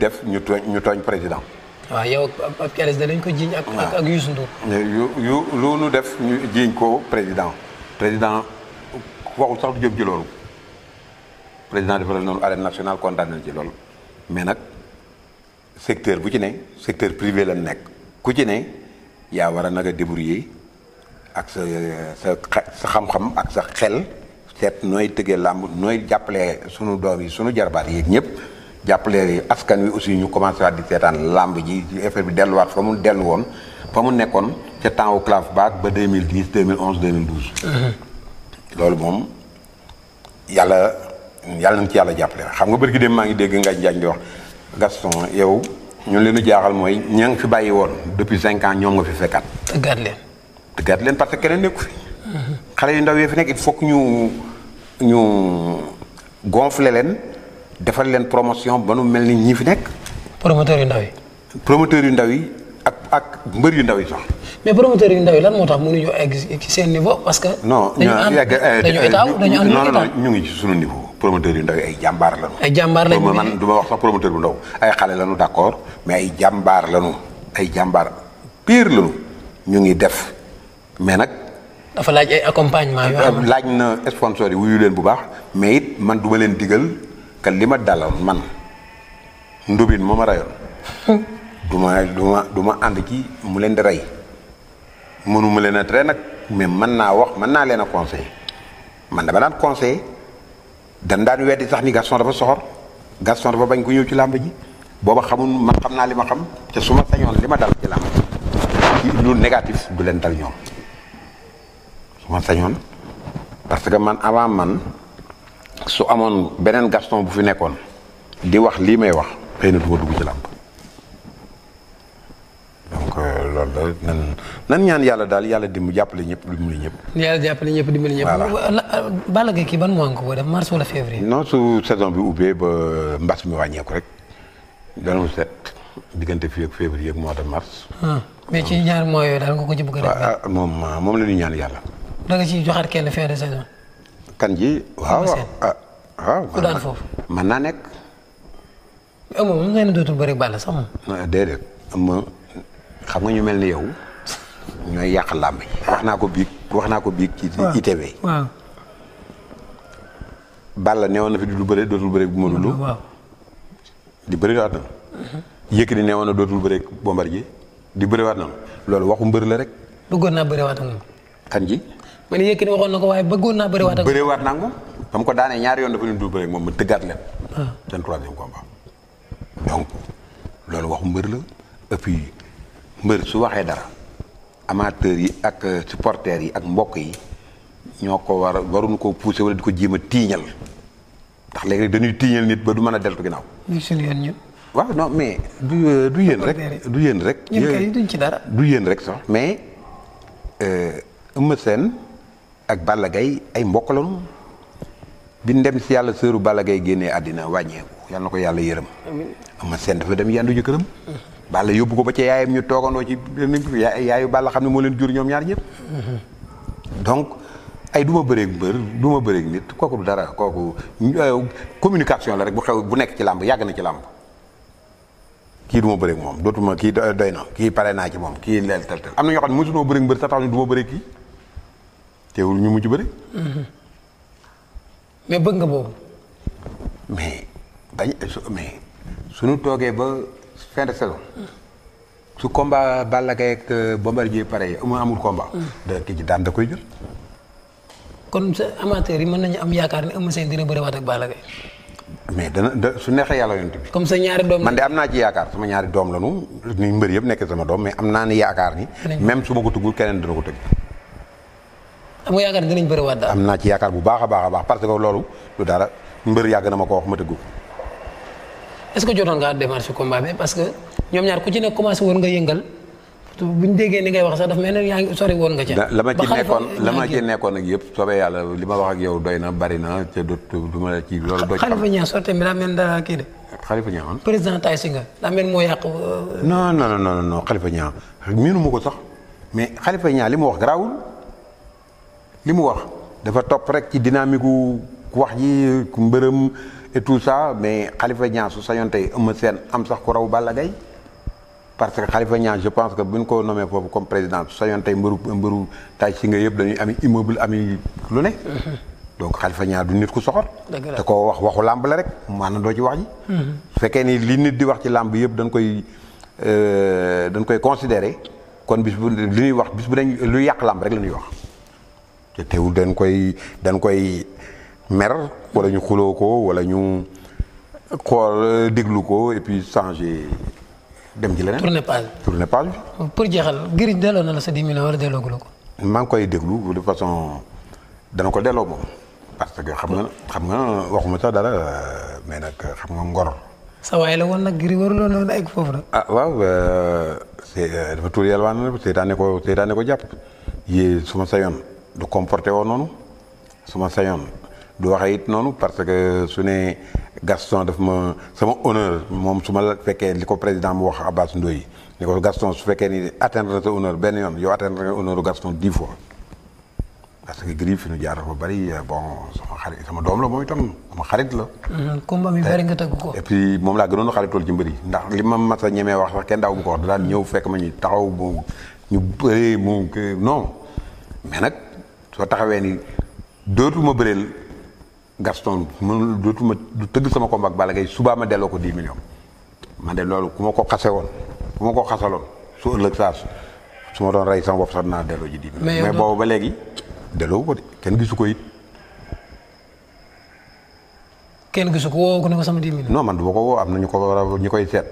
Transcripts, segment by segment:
def ñu tooñ ñu tooñ président. waa yow ak ak Keres danañ ko jiiñ ak ak ak Youssou Ndour. yu yu lu nu def ñu jiiñ ko président président waxul sax du jëm ci loolu président dafa la noonu arène nationale condamné ci loolu mais nag secteur bu ci ne secteur privé la nekk ku ci ne yaa war a nag a yi ak sa sa sa xam-xam ak sa xel set nooy tëggee làmb nooy jàppale sunu doom yi sunu jarbaat yi ñëpp. jàppale yi askan wi aussi ñu commencé waat di seetaan làmb ji ci bi delluwaat fa mu dellu woon fa mu nekkoon ca temps wu classe bac ba 2010 2011 2012. loolu moom yàlla yàlla nañ ci yàlla jàppale xam nga bërki dem maa ngi dégg Ngagne Diagne di wax Gaston yow ñun leen di jaaxal mooy ña ngi fi bàyyi woon depuis cinq ans ñoom nga fi fekkaat. tëggaat leen. tëggaat leen parce que keneen nekku fi. xale yu ndaw yi fi nekk it faut que ñu ñu leen. defal leen promotion ba nu mel ni ñii fi nekk. promoteur yu ndaw yi. promoteur yu ndaw yi ak ak mbër yu ndaw yi sax. mais promoteur yu ndaw yi lan moo tax mënuñu egg ci seen niveau parce que. Euh, euh, dañu am dañu état ñu ngi ci sunu niveau. promoteur yu ndaw ay jàmbaar lañu. ay jàmbaar lañu man du ma wax sax promoteur bu ndaw ay xale lañu d'accord mais ay jàmbaar lañu ay jàmbaar pire lañu ñu ngi def mais nag. dafa laaj ay accompagnement yoo xam laaj na sponsor yi wuyu leen bu baax mais it man du ma leen diggal que li ma daloon man ndubin ma ma rayoon du ma du ma du ma ànd ci mu leen di rey mënuma leen a tere nag mais mën naa wax mën naa leen a conseillé man dama daan conseillé dan daan weddi sax ni Gaston dafa soxor Gaston dafa bañ ko ñëw ci làmb ji booba xamul man xam naa li ma xam te su ma sañoon li ma dal ci làmb ji lu négatif du leen dal ñoom su ma sañoon parce que man avant man su amoon beneen Gaston bu fi nekkoon di wax lii may wax xëy na du ko dugg ci làmb euh, nan ñaan yàlla daal yàlla di mu jàppale ñëpp dimbali ñëpp. yàlla jàppale ñëpp dimbali ñëpp. voilà Balla Gaye kii ban mois nga ko def mars wala février. non su saison bi ubbee ba mbas mi wàññeeku rek danañu set diggante fii ak février ak mois de mars. Ah, mais ci ñaan mois yooyu daal nga ko ci bëgg a def. Ah, moom ah, moom la ñuy ñaan yàlla. da nga joxaat kenn fin de saison. kan ji. waaw ah waaw. ku daan foofu mën naa nekk. am na moom nga ne dootul bëri Balla sax moom. déedéet xam nga ñu mel ni yow ñooy yàq làmb yi wax naa ko biig wax naa ko biig ci ITV. waaw Balla neewoon na fi du bëri dootul bëri bu ma dul. waaw di bëri waat na. Yékini neewoon na dootul bëri Bombardier di bëri waat loolu waxu mbër la rek. bëggoon naa bëri waat ak ji. man Yékini waxoon na ko waaye bëggoon naa bëriwaat ak. bëriwaat naa ko ba mu ko daanee ñaari yoon dafa leen dul bëri moom mu tëggaat leen. waaw ah. seen troisième combat. donc loolu waxu mbër la et mbër su waxee dara amateurs yi ak euh, supporters yi ak mbokk yi ñoo ko war waruñu koo pousser wala di ko jéem a tiiñal ndax léegi dañuy tiiñal nit ba du mën a deltu ginaaw ñu suñu yoon mais du euh, du yéen rek du yéen rek. duñ ci dara. du yéen rek sax mais euh, Eumeu Sène. ak Balla gay ay mbokk lañu bi ndem si yàlla sëru Balla Gaye génne àddina wàññeeku yal na ko yàlla yërëm. ama seen dafa dem yendu këram Balla yóbbu ko ba ci yaayam ñu toogandoo ci yaayu Balla xam ne moo leen jur ñoom ñaar ñëpp. donc ay du ma bëreeg mbër du ma bëreeg nit kooku dara kooku euh, communication la rek bu xew bu nekk ci làmb yàgg na ci làmb. kii du ma bëreeg moom dootuma kii doy na kii pare naa ci moom kii leel tel tel am na ñoo xam ne mosunoo bëreeg mbër sax tax ñu du teewul ñu mujj bëri. mais bëgg nga boobu. mais bañ mais nu toogee ba fin de su combat Balla Gaye ak euh, Bombardier pare amul amul combat. Mm. da ki ci daan da koy jël. kon sa amateur yi mën nañu am yaakaar ne Eumeu su neexee yàlla yonent bi. comme sa ñaari doom la ñu ni mbër yëpp nekk sama doom mais am naa ni yaakaar ni. même su ma ko tuggul keneen dina ko tëgg. am nga yaakaar ne dinañ bëriwaat daal. am naa ci yaakaar bu baax a baax a baax parce que loolu lu dara mbër yàgg na ma ko wax ma tëggu. est-ce que jotoon ngaa démarche combat bi parce que ñoom ñaar ku ci nekk commencé woon nga yëngal bu ñu déggee ni ngay wax sax dafa mel ne yaa ngi sori woon nga ci. la ma ci nekkoon la ma ci nekkoon ak yëpp soobee yàlla li ma wax ak yow doy na bari na te du du ma la ci loolu. doy xalifa ñaa sorte mi daa mel ne dara kii de. xalifa ñaa man président Tay Shinger daa mel moo yàq. Euh, non non non non xalifa ñaa miinu ma ko sax mais xalifa ñaa li ma wax garaawul. li mu wax dafa topp rek ci dynamique gu wax ji mbërëm et tout ça mais Khalifa Niang su sañoon tey Eumeu seen am sax ku raw Balla Gaye parce que Khalifa Niang je pense que bu ñu ko nommé foofu comme président su sañoon tey mbëru mbëru taaj si nga yëpp dañuy ami immeuble ami lu ne donc Khalifa Niang du nit ku soxor te ko wax waxu làmb la rek maanaam doo ci wax ji mhm. fekkee ni li nit di wax ci làmb yëpp dañ koy euh, dañ koy considéré kon bis bu li ñuy wax bis bu dañ luy yàq làmb rek la ñuy wax te teewul dan koy dañ koy mer wala ñu xuloo ko wala ñu xool déglu ko et puis changer dem ci leneen. tourner page tourner page bi. pour jeexal Gris delloo na la sa 10 millions wala delloo ko. maa ngi koy déglu de façon dana ko delloo moom parce que xam nga xam nga waxuma sax dara mais nag xam nga ngor. sa waay la woon nag Gris waruloo na egg foofu na a ah, waaw euh, c'est euh, dafa tuur yàlla waan na seetaane ko ko jàpp yéen su ma sa yoon. du comporté woo noonu su ma sañoon du waxee it noonu parce que su ne Gaston daf ma sama honneur moom su ma la fekkee li ko président mu wax Abass Ndoye ne ko Gaston su fekkee ni atteindre sa honneur benn yoon yow atteindre nga honneur Gaston dix fois parce que Gris fi ñu jaar dafa bari bon sama xarit sama doom la moom itam sama xarit la. Mm-hmm. combat et puis moom laa gënoon a xaritool ci mbir yi ndax li ma mas a ñemee wax sax kenn daaw bu ko wax daan ñëw ma ñu taxaw mu ñu bëree mu soo taxawee nii dootuma bëreel Gaston mënul dootuma du tëgg sama combat ak Balla Gaye subaa ma delloo ko 10 millions man de loolu ku ma ko xase woon ku ma ko xasaloon su ëllëg saa su ma doon rey sama bopp sax naa delloo ji 10 millions. mais boobu ba léegi delloo ko de kenn gisu ko it. kenn gisu ko woo ko ne ko sama 10 millions. man du ma ko woo am na ñu ko war a ñu koy seet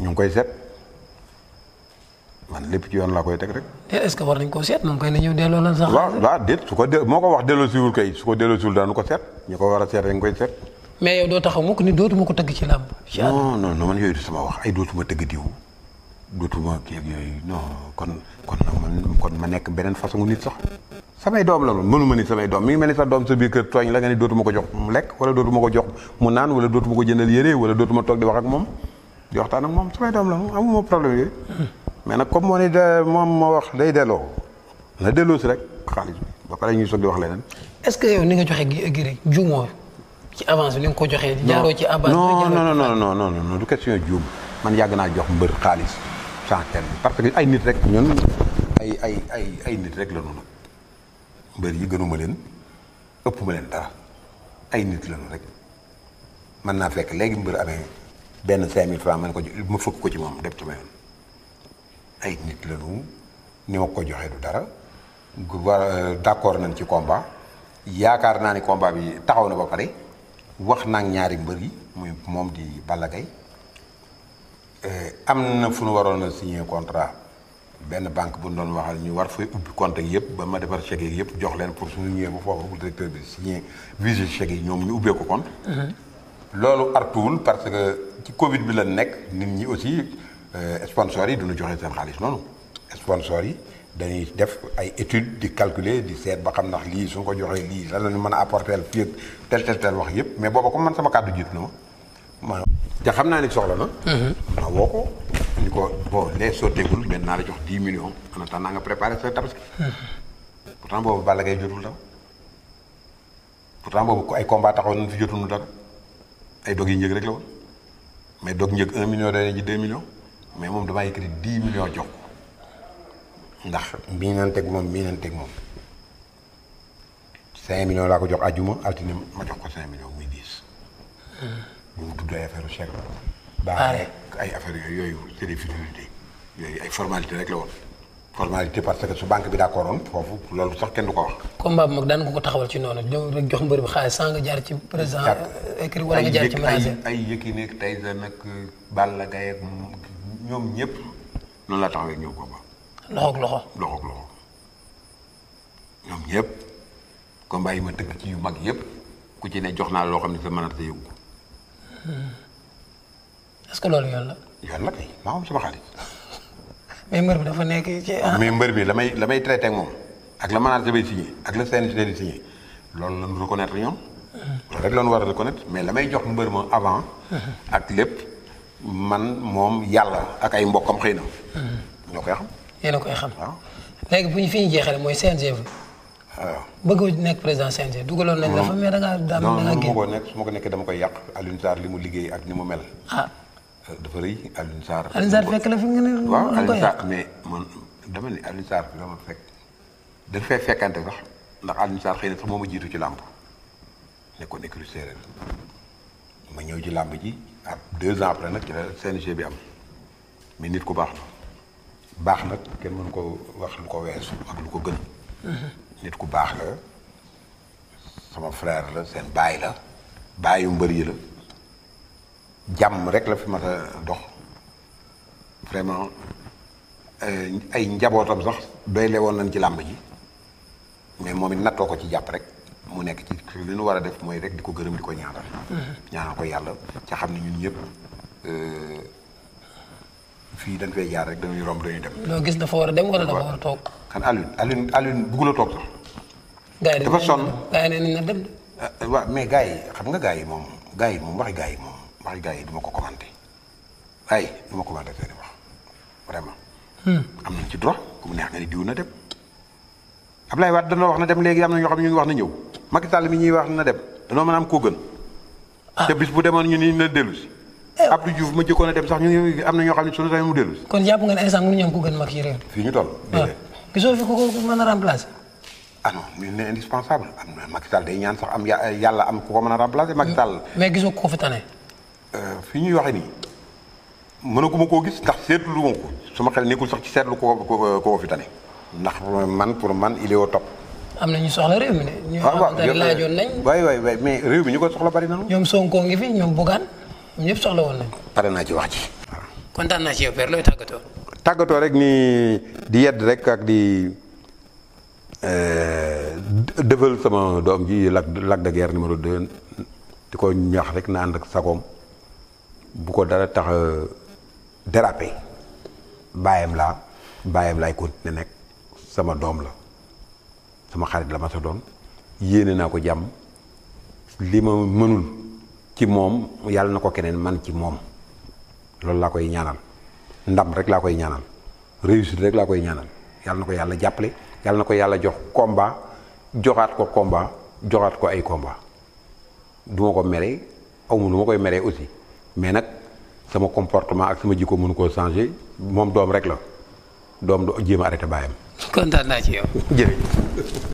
ñu ngi koy seet. lépp ci yoon laa koy teg rek. est-ce que war nañ koo seet moom kay nañu delloo lan sax. waaw waaw déet su ko de moo ko wax delloo siwul kay su ko delloo siwul daanu ko seet ñu ko war a seet rek nga koy seet. mais yow doo taxaw mukk ni dootuma ko tëgg ci làmb. non kon kon nag man kon ma nekk beneen façon nit sax. samay doom la mënuma ni samay doom mi ngi mel ni sa doom sa biir kër tooñ la nga ni dootuma ko jox mu lekk wala dootuma ko jox mu naan wala dootuma ko jëndal yére wala dootuma toog di wax ak moom di waxtaan ak moom samay doom la amuma problème yooyu mais nag comme moo ni de moom moo wax day delloo na delloo si rek xaalis bi ba pare ñuy soog di wax leneen. est-ce que yow ni nga joxe gi rek jumoo ci avance bi li nga ko joxee. jaaroo ci avance non non non non non non du question juum man yàgg naa jox mbër xaalis sans kenn parce que ay nit rek ñun ay ay ay ay nit rek la ñu mbër yi gënuma leen ëpp leen dara ay nit la ñu rek mën naa fekk léegi mbër amee benn cinq mille francs man ko ma fëkk ko ci moom def sama ay nit lañu ni ma ko joxee du dara euh, d'accord nañ ci combat yaakaar naa ni combat bi taxaw na ba pare wax naa ñaari mbër yi muy moom di Balla Gaye euh, am na fu nu waroon a signé contrat benn banque bu ñu doon waxal ñu war fay ubbi compte yëpp ba ma defar chèque yi yëpp jox leen pour suñu ñëwee ba foofu directeur bi signé visé chèque yi ñoom ñu ubbee ko compte. Mm-hmm. loolu artuwul parce que ci Covid bi la nekk nit ñi aussi. Euh, sponsors yi du ñu joxe seen xaalis noonu sponsors yi dañuy def ay études di calculer di seet ba xam ndax lii su ko joxee lii lan la ñu mën a apporter fii tel tel tel wax yëpp mais booba comme man sama kàddu jiit na ma. te xam naa ne soxla na. Mm-hmm. ma woo ko. ni ko bon les sotteegul mais naa la jox dix millions en attendant nga préparé sa tabaski. Mm-hmm. pourtant boobu Balla Gaye jotul dara. pourtant boobu ay combat taxaw nañ si jotul dara ay dog yi njëg rek mais dog njëg un million day mais moom damaa yëkkati dix millions jox ko ndax mii nan teg moom mii nan teg moom cinq millions laa ko jox àjjuma altine ma jox ko cinq millions muy dix. ñu ngi tudd ay affaire chèque baax ah. rek ay affaire yooyu yooyu c'est des futilités yooyu ay formalité rek la woon formalité parce que su bi d'accord foofu loolu sax kenn du ko wax. combat bi mag daan nga ko taxawal ci noonu ñoom jox mbër bi xaalis sans nga jaar ci président. écrit wala nga jaar ci manager ay ay ay nekk Tyson nag bal la ak ñoom ñëpp loolu laa taxawee ñëw ko ba. loxoog loxo loxoog loxo ñoom ñëpp yi ma tëgg ci yu mag yëpp ku ci ne jox naa loo xam ne sa mënat a yëngu. Hmm. est-ce loolu la. yoon la kay maa am dafa nekk mais mbër bi ah. lamay lamay traité moom ak la mënat bay signé ak la CNG di signé loolu la ñu reconnaître ñoom. Hmm. loolu rek la ñu war a reconnaître mais la may jox mbër moom avant. Hmm. ak lépp. man moom yàlla ak ay mbokkam xëy na. Hmm. ñoo koy xam. yéen a koy xam. waaw léegi bu ñu fi ñu jeexalee mooy CNG. waaw ah. bëggoo nekk président CNG dugaloon nañ la fa mais da ngaa daan da ma ko nekk su ma ko nekkee dama koy yàq Alioune li mu liggéey ak ni mu mel. ah euh, dafa rëy Alioune Sarr. Alioune Sarr fekk la fi nga ne. waaw man dama ne Alioune Sarr dama fekk. dafa fee fekkante ndax Alioune Sarr xëy na ma jiitu ci làmb nekkoon écrou séeréer ma ñëw ci làmb ji deux ans après nag ci la CNG bi am mais nit ku baax la baax nag kenn mën ko wax lu ko weesu ak lu ko gën nit ku baax la sama frère la seen baay la baayu mbër yi la jàmm rek la fi mas a dox vraiment ay njabootam sax doy le woon nañ ci làmb ji mais moom it nattoo ko ci jàpp rek mu nekk ci li ñu war a def mooy rek di ko gërëm di ko ñaanal. Mm-hmm. ñaanal ko yàlla ca xam ne ñun ñëpp euh, fii dañ fay jaar rek dañuy romb dañuy dem. loo gis dafa war a dem wala dafa war a toog. kan Alioune Alioune Alioune bëggul euh, xam nga gars yi moom gars yi moom waxi yi moom waxi yi du ma ko commenté wax hmm. ci droit ku mu neex nga na dem Ablaye Wade léegi am na ñoo xam ne ñu wax na ñëw. Macky Sall mi ñuy wax na dem danoo ma a am koo gën. Ah. te bis bu demoon ñu ni na dellu si. Eh, Abdou Diouf ma jëkkoon a dem sax ñu am na ñoo xam ne suñu tamit mu dellu si. kon jàpp nga ne instant am ñu toll. waaw ah. gisoo fi ku ko a remplacer. ah non am ah, na Macky Sall day ñaan sax am yàlla am ku ko mën a remplacer Macky Sall. Mm. mais gisoo ko fi tane. Euh, fi ñuy waxee nii mënaguma koo gis ndax seetlu ma ko su ma xel nekkul sax ci seetlu ko ko ko fi tane. ndax man pour man il est au top am na ñu soxla réew mi de. ñu ah, laajoon waay waay waay réew mi ñu ko soxla bari na. ñoom sonkoo ngi fi ñoom Bougane ñëpp soxla woon nañ pare naa ci wax ji. kontaan naa ci yow tàggatoo. tàggatoo rek nii di yedd rek ak di euh, defal sama doom ji lac lac de guerre numéro 2 di ko ñaax rek na ànd ak sagoom bu ko dara tax dérapé baayam laa bàyyam laay ko nekk sama doom la. sama xarit la ma sa doon yéene naa ko jàmm li ma mënul ci moom yàlla na ko keneen man ci moom loolu laa koy ñaanal ndam rek laa koy ñaanal réussite rek laa koy ñaanal yàlla na ko yàlla jàppale yàlla na ko yàlla jox komba joxaat ko komba joxaat ko ay komba du ko mere awma lu ma koy meree aussi mais nag sama comportement ak sama jikko mënu koo changer moom doom rek la doom du jéem a baayam kontaan naa ci yow. jërëjëf.